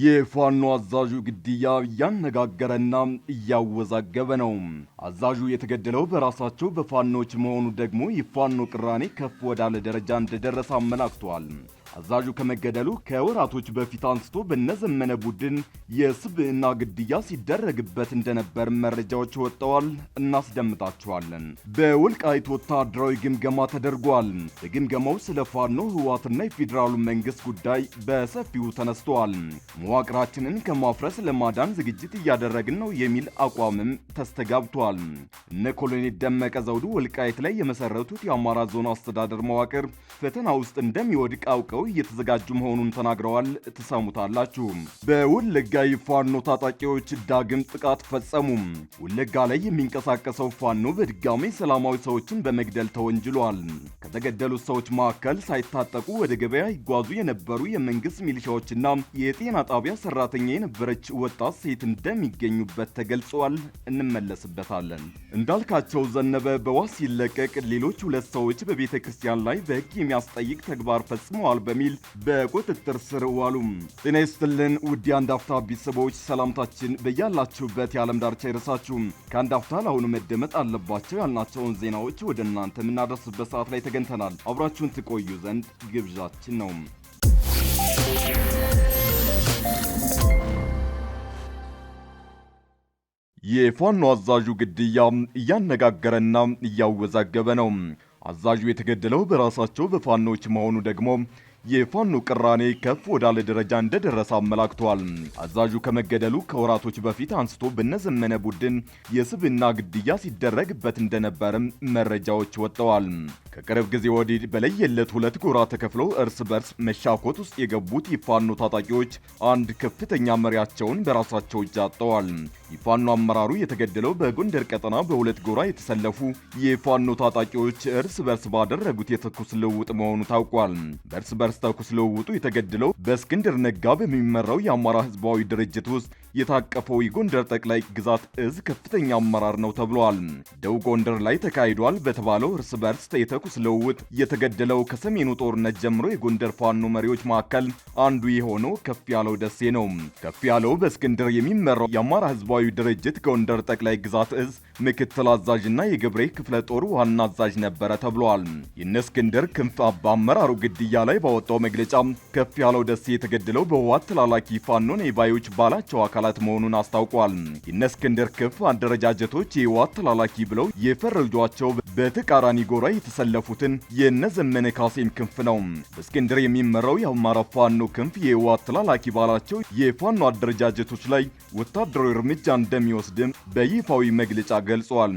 የፋኖ አዛዡ ግድያ እያነጋገረና እያወዛገበ ነው። አዛዡ የተገደለው በራሳቸው በፋኖች መሆኑ ደግሞ የፋኖ ቅራኔ ከፍ ወዳለ ደረጃ እንደደረሰ አመላክቷል። አዛዡ ከመገደሉ ከወራቶች በፊት አንስቶ በነዘመነ ቡድን የስብዕና ግድያ ሲደረግበት እንደነበር መረጃዎች ወጥተዋል። እናስደምጣችኋለን። በወልቃይት ወታደራዊ ግምገማ ተደርጓል። በግምገማው ስለ ፋኖ ህዋትና የፌዴራሉ መንግስት ጉዳይ በሰፊው ተነስተዋል። መዋቅራችንን ከማፍረስ ለማዳን ዝግጅት እያደረግን ነው የሚል አቋምም ተስተጋብቷል። እነ ኮሎኔል ደመቀ ዘውዱ ወልቃይት ላይ የመሰረቱት የአማራ ዞን አስተዳደር መዋቅር ፈተና ውስጥ እንደሚወድቅ አውቀው ለመፍጠር እየተዘጋጁ መሆኑን ተናግረዋል። ትሰሙታላችሁ። በወለጋ የፋኖ ታጣቂዎች ዳግም ጥቃት ፈጸሙ። ወለጋ ላይ የሚንቀሳቀሰው ፋኖ በድጋሚ ሰላማዊ ሰዎችን በመግደል ተወንጅሏል። ከተገደሉት ሰዎች መካከል ሳይታጠቁ ወደ ገበያ ይጓዙ የነበሩ የመንግስት ሚሊሻዎችና የጤና ጣቢያ ሰራተኛ የነበረች ወጣት ሴት እንደሚገኙበት ተገልጿል። እንመለስበታለን። እንዳልካቸው ዘነበ በዋስ ሲለቀቅ ሌሎች ሁለት ሰዎች በቤተ ክርስቲያን ላይ በህግ የሚያስጠይቅ ተግባር ፈጽመዋል በሚል በቁጥጥር ስር ዋሉም። ጤና ይስጥልን ውድ የአንድ አፍታ ቤተሰቦች ሰላምታችን በያላችሁበት የዓለም ዳርቻ ይድረሳችሁ። ከአንድ አፍታ ለአሁኑ መደመጥ አለባቸው ያልናቸውን ዜናዎች ወደ እናንተ የምናደርስበት ሰዓት ላይ ተገ አግኝተናል። አብራችሁን ትቆዩ ዘንድ ግብዣችን ነው። የፋኖ አዛዡ ግድያ እያነጋገረና እያወዛገበ ነው። አዛዡ የተገደለው በራሳቸው በፋኖች መሆኑ ደግሞ የፋኖ ቅራኔ ከፍ ወዳለ ደረጃ እንደደረሰ አመላክቷል። አዛዡ ከመገደሉ ከወራቶች በፊት አንስቶ በነዘመነ ቡድን የስብና ግድያ ሲደረግበት እንደነበርም መረጃዎች ወጥተዋል። ከቅርብ ጊዜ ወዲህ በለየለት ሁለት ጎራ ተከፍለው እርስ በርስ መሻኮት ውስጥ የገቡት የፋኖ ታጣቂዎች አንድ ከፍተኛ መሪያቸውን በራሳቸው እጅ አጥተዋል። የፋኖ አመራሩ የተገደለው በጎንደር ቀጠና በሁለት ጎራ የተሰለፉ የፋኖ ታጣቂዎች እርስ በርስ ባደረጉት የተኩስ ልውውጥ መሆኑ ታውቋል። በእርስ በርስ ተኩስ ልውውጡ የተገደለው በእስክንድር ነጋ በሚመራው የአማራ ህዝባዊ ድርጅት ውስጥ የታቀፈው የጎንደር ጠቅላይ ግዛት እዝ ከፍተኛ አመራር ነው ተብሏል። ደቡብ ጎንደር ላይ ተካሂዷል በተባለው እርስ በርስ የተኩስ ልውውጥ የተገደለው ከሰሜኑ ጦርነት ጀምሮ የጎንደር ፋኖ መሪዎች መካከል አንዱ የሆነው ከፍ ያለው ደሴ ነው። ከፍ ያለው በእስክንድር የሚመራው የአማራ ህዝባዊ ድርጅት ጎንደር ጠቅላይ ግዛት እዝ ምክትል አዛዥና የገብሬ ክፍለ ጦር ዋና አዛዥ ነበረ ተብሏል። የነ እስክንድር ክንፍ በአመራሩ ግድያ ላይ ባወጣው መግለጫ ከፍ ያለው ደሴ የተገደለው በህወሓት ተላላኪ ፋኖ ነባዮች ባላቸው አካል አካላት መሆኑን አስታውቋል። የነ እስክንድር ክፍ አደረጃጀቶች የህወሓት ተላላኪ ብለው የፈረጇቸው በተቃራኒ ጎራ የተሰለፉትን የነ ዘመነ ካሴን ክንፍ ነው። እስክንድር የሚመራው የአማራ ፋኖ ክንፍ የህወሓት ተላላኪ ባላቸው የፋኖ አደረጃጀቶች ላይ ወታደራዊ እርምጃ እንደሚወስድም በይፋዊ መግለጫ ገልጿል።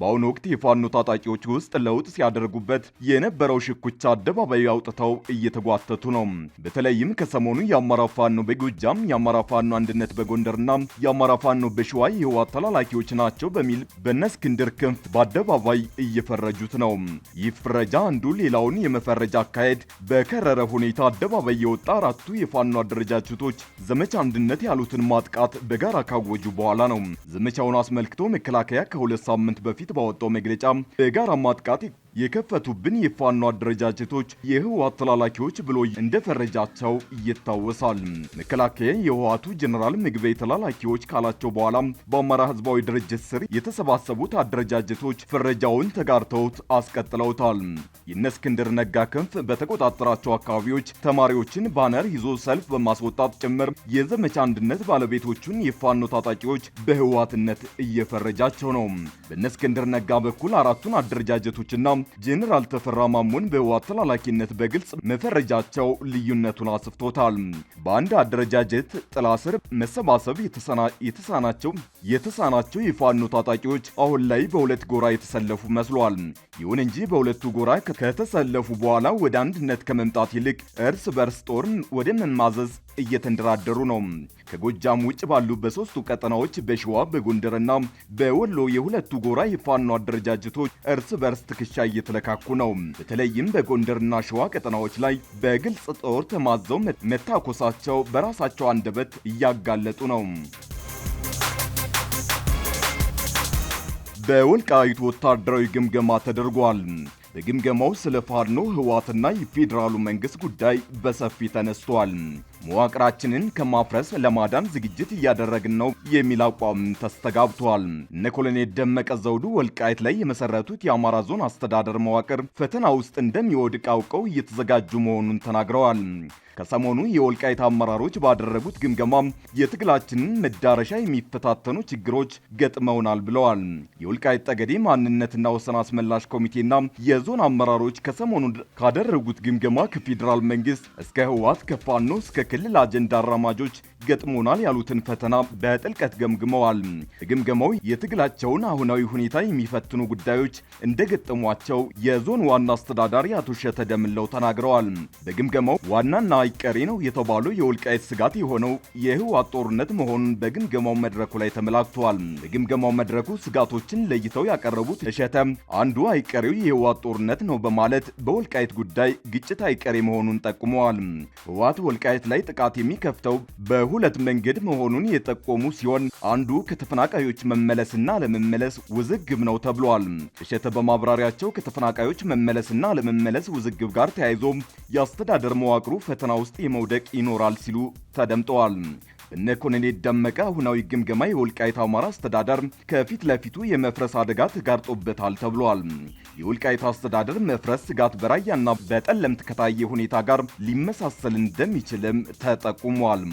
በአሁኑ ወቅት የፋኖ ታጣቂዎች ውስጥ ለውጥ ሲያደርጉበት የነበረው ሽኩቻ አደባባይ አውጥተው እየተጓተቱ ነው። በተለይም ከሰሞኑ የአማራ ፋኖ በጎጃም የአማራ ፋኖ አንድነት በጎንደርና የአማራ ፋኖ በሸዋ የህወሓት ተላላኪዎች ናቸው በሚል በነስክንድር እስክንድር ክንፍ በአደባባይ እየፈረጁት ነው። ይህ ፍረጃ አንዱ ሌላውን የመፈረጃ አካሄድ በከረረ ሁኔታ አደባባይ የወጣ አራቱ የፋኖ አደረጃጀቶች ዘመቻ አንድነት ያሉትን ማጥቃት በጋራ ካወጁ በኋላ ነው። ዘመቻውን አስመልክቶ መከላከያ ከሁለት ሳምንት በፊት በፊት ባወጣው መግለጫ በጋራ ማጥቃት የከፈቱብን የፋኖ አደረጃጀቶች የህወሓት ተላላኪዎች ብሎ እንደፈረጃቸው ይታወሳል። መከላከያ የህወሓቱ ጀኔራል ምግበይ ተላላኪዎች ካላቸው በኋላ በአማራ ህዝባዊ ድርጅት ስር የተሰባሰቡት አደረጃጀቶች ፈረጃውን ተጋርተውት አስቀጥለውታል። የነስክንድር እስክንድር ነጋ ክንፍ በተቆጣጠራቸው አካባቢዎች ተማሪዎችን ባነር ይዞ ሰልፍ በማስወጣት ጭምር የዘመቻ አንድነት ባለቤቶቹን የፋኖ ታጣቂዎች በህወሓትነት እየፈረጃቸው ነው። በነ እስክንድር ነጋ በኩል አራቱን አደረጃጀቶችና ጄኔራል ተፈራ ማሞን በህወሓት ተላላኪነት በግልጽ መፈረጃቸው ልዩነቱን አስፍቶታል። በአንድ አደረጃጀት ጥላ ስር መሰባሰብ የተሳናቸው የተሳናቸው የፋኖ ታጣቂዎች አሁን ላይ በሁለት ጎራ የተሰለፉ መስሏል። ይሁን እንጂ በሁለቱ ጎራ ከተሰለፉ በኋላ ወደ አንድነት ከመምጣት ይልቅ እርስ በርስ ጦርን ወደ መማዘዝ እየተንደራደሩ ነው። ከጎጃም ውጭ ባሉ በሶስቱ ቀጠናዎች በሸዋ በጎንደርና በወሎ የሁለቱ ጎራ የፋኖ አደረጃጀቶች እርስ በርስ ትከሻ እየተለካኩ ነው። በተለይም በጎንደርና ሸዋ ቀጠናዎች ላይ በግልጽ ጦር ተማዘው መታኮሳቸው በራሳቸው አንደበት እያጋለጡ ነው። በወልቃይቱ ወታደራዊ ግምገማ ተደርጓል። በግምገማው ስለ ፋኖ ህዋትና የፌዴራሉ መንግስት ጉዳይ በሰፊ ተነስቷል። መዋቅራችንን ከማፍረስ ለማዳን ዝግጅት እያደረግን ነው የሚል አቋም ተስተጋብቷል። እነ ኮሎኔል ደመቀ ዘውዱ ወልቃይት ላይ የመሰረቱት የአማራ ዞን አስተዳደር መዋቅር ፈተና ውስጥ እንደሚወድቅ አውቀው እየተዘጋጁ መሆኑን ተናግረዋል። ከሰሞኑ የወልቃይት አመራሮች ባደረጉት ግምገማም የትግላችንን መዳረሻ የሚፈታተኑ ችግሮች ገጥመውናል ብለዋል። የወልቃይት ጠገዴ ማንነትና ወሰን አስመላሽ ኮሚቴና የዞን አመራሮች ከሰሞኑ ካደረጉት ግምገማ ከፌዴራል መንግስት እስከ ህወሓት ከፋኖ እስከ ክልል አጀንዳ አራማጆች ገጥሞናል ያሉትን ፈተና በጥልቀት ገምግመዋል። ግምገማው የትግላቸውን አሁናዊ ሁኔታ የሚፈትኑ ጉዳዮች እንደገጠሟቸው የዞን ዋና አስተዳዳሪ አቶ ሸተ ደምለው ተናግረዋል። በግምገማው ዋናና አይቀሬ ነው የተባሉ የወልቃይት ስጋት የሆነው የህወሓት ጦርነት መሆኑን በግምገማው መድረኩ ላይ ተመላክቷል። በግምገማው መድረኩ ስጋቶችን ለይተው ያቀረቡት ሸተ አንዱ አይቀሬው የህወሓት ጦርነት ነው በማለት በወልቃይት ጉዳይ ግጭት አይቀሬ መሆኑን ጠቁመዋል። ህወሓት ወልቃይት ላይ ጥቃት የሚከፍተው በ በሁለት መንገድ መሆኑን የጠቆሙ ሲሆን አንዱ ከተፈናቃዮች መመለስና ለመመለስ ውዝግብ ነው ተብሏል። እሸተ በማብራሪያቸው ከተፈናቃዮች መመለስና ለመመለስ ውዝግብ ጋር ተያይዞ የአስተዳደር መዋቅሩ ፈተና ውስጥ የመውደቅ ይኖራል ሲሉ ተደምጠዋል። እነ ኮሎኔል ደመቀ አሁናዊ ግምገማ የወልቃይት አማራ አስተዳደር ከፊት ለፊቱ የመፍረስ አደጋ ተጋርጦበታል ተብሏል። የወልቃይት አስተዳደር መፍረስ ስጋት በራያና በጠለምት ከታየ ሁኔታ ጋር ሊመሳሰል እንደሚችልም ተጠቁሟል።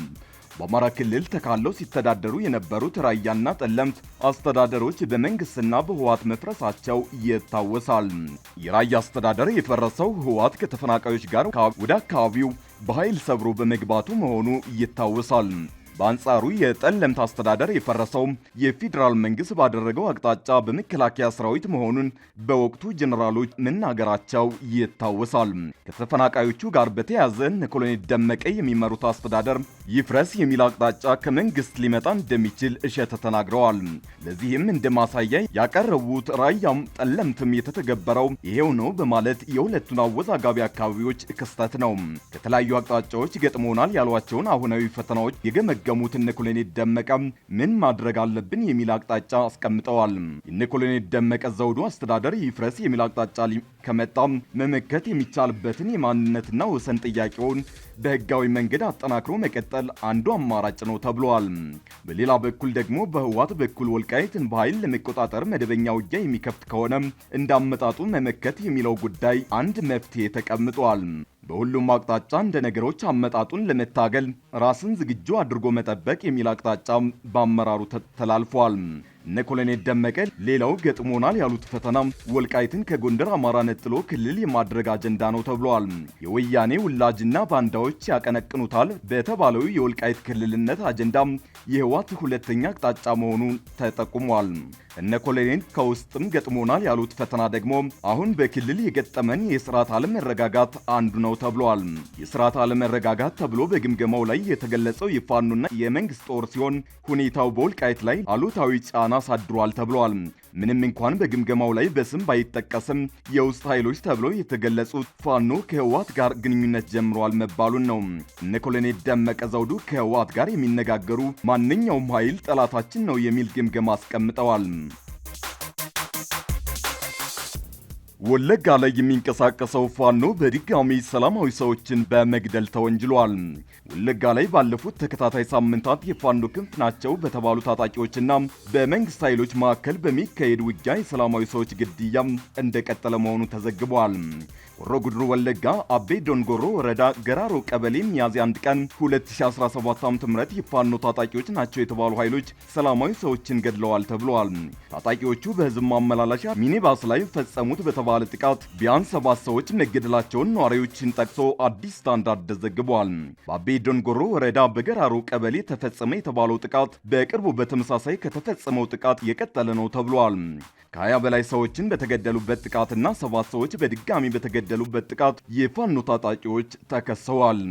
በአማራ ክልል ተካለው ሲተዳደሩ የነበሩት ራያና ጠለምት አስተዳደሮች በመንግስትና በህዋት መፍረሳቸው ይታወሳል። የራያ አስተዳደር የፈረሰው ህዋት ከተፈናቃዮች ጋር ወደ አካባቢው በኃይል ሰብሮ በመግባቱ መሆኑ ይታወሳል። በአንጻሩ የጠለምት አስተዳደር የፈረሰው የፌዴራል መንግስት ባደረገው አቅጣጫ በመከላከያ ሰራዊት መሆኑን በወቅቱ ጀኔራሎች መናገራቸው ይታወሳል። ከተፈናቃዮቹ ጋር በተያያዘ ኮሎኔል ደመቀ የሚመሩት አስተዳደር ይፍረስ የሚል አቅጣጫ ከመንግስት ሊመጣ እንደሚችል እሸተ ተናግረዋል። ለዚህም እንደ ማሳያ ያቀረቡት ራያም ጠለምትም የተተገበረው ይሄው ነው በማለት የሁለቱን አወዛጋቢ አካባቢዎች ክስተት ነው። ከተለያዩ አቅጣጫዎች ገጥሞናል ያሏቸውን አሁናዊ ፈተናዎች የገመገ የደገሙት እነ ኮሎኔል ደመቀ ምን ማድረግ አለብን የሚል አቅጣጫ አስቀምጠዋል። የእነ ኮሎኔል ደመቀ ዘውዱ አስተዳደር ይፍረስ የሚል አቅጣጫ ከመጣ መመከት የሚቻልበትን የማንነትና ወሰን ጥያቄውን በህጋዊ መንገድ አጠናክሮ መቀጠል አንዱ አማራጭ ነው ተብሏል። በሌላ በኩል ደግሞ በህዋት በኩል ወልቃይትን በኃይል ለመቆጣጠር መደበኛ ውጊያ የሚከፍት ከሆነ እንዳመጣጡ መመከት የሚለው ጉዳይ አንድ መፍትሄ ተቀምጧል። በሁሉም አቅጣጫ እንደ ነገሮች አመጣጡን ለመታገል ራስን ዝግጁ አድርጎ መጠበቅ የሚል አቅጣጫ በአመራሩ ተላልፏል። እነ ኮሎኔል ደመቀ ሌላው ገጥሞናል ያሉት ፈተና ወልቃይትን ከጎንደር አማራ ነጥሎ ክልል የማድረግ አጀንዳ ነው ተብሏል። የወያኔ ውላጅና ባንዳዎች ያቀነቅኑታል በተባለው የወልቃይት ክልልነት አጀንዳ የህዋት ሁለተኛ አቅጣጫ መሆኑ ተጠቁሟል። እነ ኮሎኔል ከውስጥም ገጥሞናል ያሉት ፈተና ደግሞ አሁን በክልል የገጠመን የስርዓት አለመረጋጋት አንዱ ነው ተብሏል። የስርዓት አለመረጋጋት ተብሎ በግምገማው ላይ የተገለጸው የፋኖና የመንግስት ጦር ሲሆን ሁኔታው በወልቃይት ላይ አሉታዊ ጫና አሳድሯል ተብሏል። ምንም እንኳን በግምገማው ላይ በስም ባይጠቀስም የውስጥ ኃይሎች ተብለው የተገለጹት ፋኖ ከህወሓት ጋር ግንኙነት ጀምረዋል መባሉን ነው። እነ ኮሎኔል ደመቀ ዘውዱ ከህወሓት ጋር የሚነጋገሩ ማንኛውም ኃይል ጠላታችን ነው የሚል ግምገማ አስቀምጠዋል። ወለጋ ላይ የሚንቀሳቀሰው ፋኖ በድጋሚ ሰላማዊ ሰዎችን በመግደል ተወንጅሏል። ወለጋ ላይ ባለፉት ተከታታይ ሳምንታት የፋኖ ክንፍ ናቸው በተባሉ ታጣቂዎችና በመንግስት ኃይሎች መካከል በሚካሄድ ውጊያ የሰላማዊ ሰዎች ግድያ እንደቀጠለ መሆኑ ተዘግቧል። ሆሮ ጉድሩ ወለጋ አቤ ዶንጎሮ ወረዳ ገራሮ ቀበሌ ሚያዝያ 1 ቀን 2017 ዓ.ም የፋኖ ታጣቂዎች ናቸው የተባሉ ኃይሎች ሰላማዊ ሰዎችን ገድለዋል ተብሏል። ታጣቂዎቹ በህዝብ ማመላለሻ ሚኒባስ ላይ ፈጸሙት በተባ በተባለ ጥቃት ቢያንስ ሰባት ሰዎች መገደላቸውን ነዋሪዎችን ጠቅሶ አዲስ ስታንዳርድ ተዘግቧል። በአቤ ዶንጎሮ ወረዳ በገራሩ ቀበሌ ተፈጸመ የተባለው ጥቃት በቅርቡ በተመሳሳይ ከተፈጸመው ጥቃት የቀጠለ ነው ተብሏል። ከሀያ በላይ ሰዎችን በተገደሉበት ጥቃትና ሰባት ሰዎች በድጋሚ በተገደሉበት ጥቃት የፋኖ ታጣቂዎች ተከሰዋል።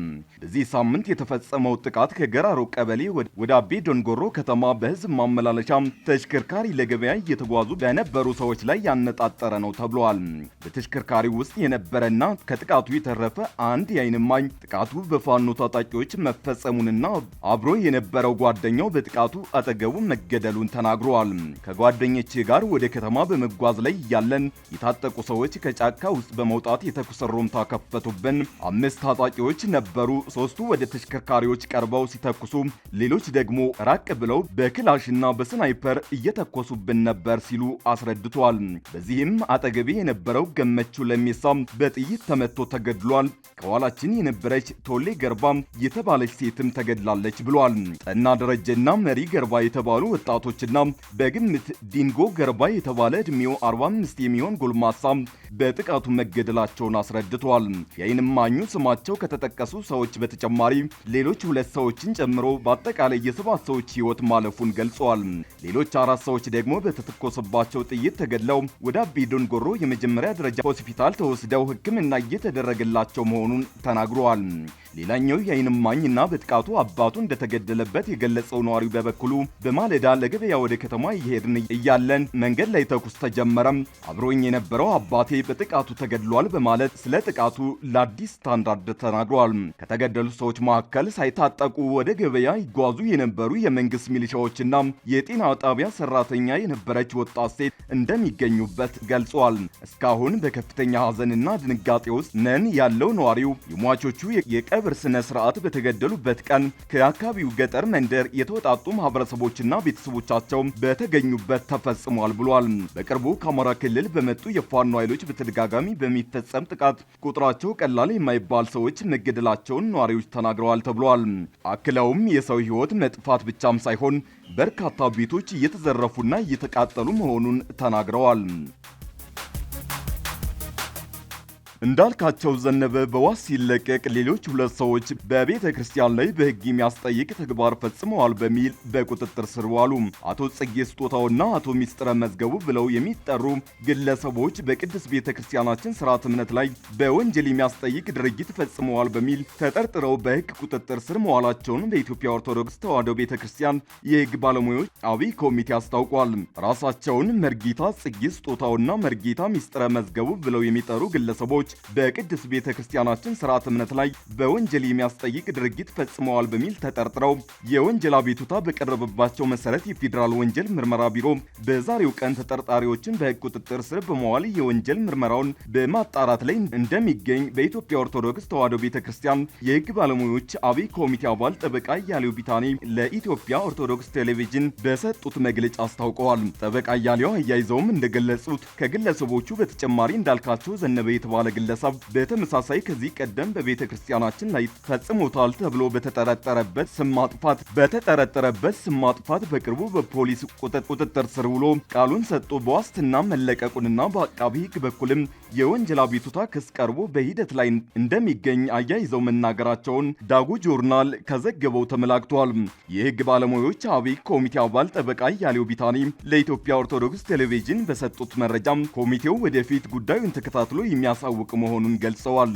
በዚህ ሳምንት የተፈጸመው ጥቃት ከገራሮ ቀበሌ ወደ አቤ ዶንጎሮ ከተማ በህዝብ ማመላለሻ ተሽከርካሪ ለገበያ እየተጓዙ በነበሩ ሰዎች ላይ ያነጣጠረ ነው ተብሏል። በተሽከርካሪው ውስጥ የነበረና ከጥቃቱ የተረፈ አንድ የአይን እማኝ ጥቃቱ በፋኖ ታጣቂዎች መፈጸሙንና አብሮ የነበረው ጓደኛው በጥቃቱ አጠገቡ መገደሉን ተናግረዋል። ከጓደኞቼ ጋር ወደ ከተማ በመጓዝ ላይ እያለን የታጠቁ ሰዎች ከጫካ ውስጥ በመውጣት የተኩስ ሩምታ ከፈቱብን። አምስት ታጣቂዎች ነበሩ። ሶስቱ ወደ ተሽከርካሪዎች ቀርበው ሲተኩሱ፣ ሌሎች ደግሞ ራቅ ብለው በክላሽና በስናይፐር እየተኮሱብን ነበር ሲሉ አስረድቷል። በዚህም አጠገቤ የነበ የነበረው ገመቹ ለሜሳም በጥይት ተመቶ ተገድሏል። ከኋላችን የነበረች ቶሌ ገርባ የተባለች ሴትም ተገድላለች ብሏል። ጠና ደረጀና መሪ ገርባ የተባሉ ወጣቶችና በግምት ዲንጎ ገርባ የተባለ ዕድሜው 45 የሚሆን ጎልማሳ በጥቃቱ መገደላቸውን አስረድተዋል። የዓይን እማኙ ስማቸው ከተጠቀሱ ሰዎች በተጨማሪ ሌሎች ሁለት ሰዎችን ጨምሮ በአጠቃላይ የሰባት ሰዎች ሕይወት ማለፉን ገልጿል። ሌሎች አራት ሰዎች ደግሞ በተተኮሰባቸው ጥይት ተገድለው ወደ አቤ ጎሮ የመጀመ የመጀመሪያ ደረጃ ሆስፒታል ተወስደው ሕክምና እየተደረገላቸው መሆኑን ተናግረዋል። ሌላኛው የአይንማኝ እማኝና በጥቃቱ አባቱ እንደተገደለበት የገለጸው ነዋሪው በበኩሉ በማለዳ ለገበያ ወደ ከተማ እየሄድን እያለን መንገድ ላይ ተኩስ ተጀመረም። አብሮኝ የነበረው አባቴ በጥቃቱ ተገድሏል በማለት ስለ ጥቃቱ ለአዲስ ስታንዳርድ ተናግሯል። ከተገደሉ ሰዎች መካከል ሳይታጠቁ ወደ ገበያ ይጓዙ የነበሩ የመንግስት ሚሊሻዎችና የጤና ጣቢያ ሰራተኛ የነበረች ወጣት ሴት እንደሚገኙበት ገልጿል። እስካሁን በከፍተኛ ሐዘንና ድንጋጤ ውስጥ ነን ያለው ነዋሪው የሟቾቹ የቀብር ስነ ስርዓት በተገደሉበት ቀን ከአካባቢው ገጠር መንደር የተወጣጡ ማህበረሰቦችና ቤተሰቦቻቸው በተገኙበት ተፈጽሟል ብሏል። በቅርቡ ከአማራ ክልል በመጡ የፋኖ ኃይሎች በተደጋጋሚ በሚፈጸም ጥቃት ቁጥራቸው ቀላል የማይባል ሰዎች መገደላቸውን ነዋሪዎች ተናግረዋል ተብሏል። አክለውም የሰው ሕይወት መጥፋት ብቻም ሳይሆን በርካታ ቤቶች እየተዘረፉና እየተቃጠሉ መሆኑን ተናግረዋል። እንዳልካቸው ዘነበ በዋስ ሲለቀቅ ሌሎች ሁለት ሰዎች በቤተ ክርስቲያን ላይ በሕግ የሚያስጠይቅ ተግባር ፈጽመዋል በሚል በቁጥጥር ስር ዋሉ። አቶ ጽጌ ስጦታውና አቶ ሚስጥረ መዝገቡ ብለው የሚጠሩ ግለሰቦች በቅድስት ቤተ ክርስቲያናችን ስርዓት እምነት ላይ በወንጀል የሚያስጠይቅ ድርጊት ፈጽመዋል በሚል ተጠርጥረው በሕግ ቁጥጥር ስር መዋላቸውን በኢትዮጵያ ኦርቶዶክስ ተዋሕዶ ቤተ ክርስቲያን የሕግ ባለሙያዎች አብይ ኮሚቴ አስታውቋል። ራሳቸውን መርጌታ ጽጌ ስጦታውና መርጌታ ሚስጥረ መዝገቡ ብለው የሚጠሩ ግለሰቦች ሰዎች በቅዱስ ቤተ ክርስቲያናችን ስርዓት እምነት ላይ በወንጀል የሚያስጠይቅ ድርጊት ፈጽመዋል በሚል ተጠርጥረው የወንጀል አቤቱታ በቀረበባቸው መሰረት የፌዴራል ወንጀል ምርመራ ቢሮ በዛሬው ቀን ተጠርጣሪዎችን በህግ ቁጥጥር ስር በመዋል የወንጀል ምርመራውን በማጣራት ላይ እንደሚገኝ በኢትዮጵያ ኦርቶዶክስ ተዋሕዶ ቤተ ክርስቲያን የህግ ባለሙያዎች አብይ ኮሚቴ አባል ጠበቃ እያሌው ቢታኔ ለኢትዮጵያ ኦርቶዶክስ ቴሌቪዥን በሰጡት መግለጫ አስታውቀዋል። ጠበቃ እያሌው አያይዘውም እንደገለጹት ከግለሰቦቹ በተጨማሪ እንዳልካቸው ዘነበ የተባለ ግለሰብ በተመሳሳይ ከዚህ ቀደም በቤተ ክርስቲያናችን ላይ ፈጽሞታል ተብሎ በተጠረጠረበት ስም ማጥፋት በተጠረጠረበት ስም ማጥፋት በቅርቡ በፖሊስ ቁጥጥር ስር ውሎ ቃሉን ሰጥቶ በዋስትና መለቀቁንና በአቃቢ ሕግ በኩልም የወንጀል አቤቱታ ክስ ቀርቦ በሂደት ላይ እንደሚገኝ አያይዘው መናገራቸውን ዳጉ ጆርናል ከዘገበው ተመላክቷል። የህግ ባለሙያዎች አብይ ኮሚቴ አባል ጠበቃ እያሌው ቢታኒ ለኢትዮጵያ ኦርቶዶክስ ቴሌቪዥን በሰጡት መረጃም ኮሚቴው ወደፊት ጉዳዩን ተከታትሎ የሚያሳውቅ መሆኑን ገልጸዋል።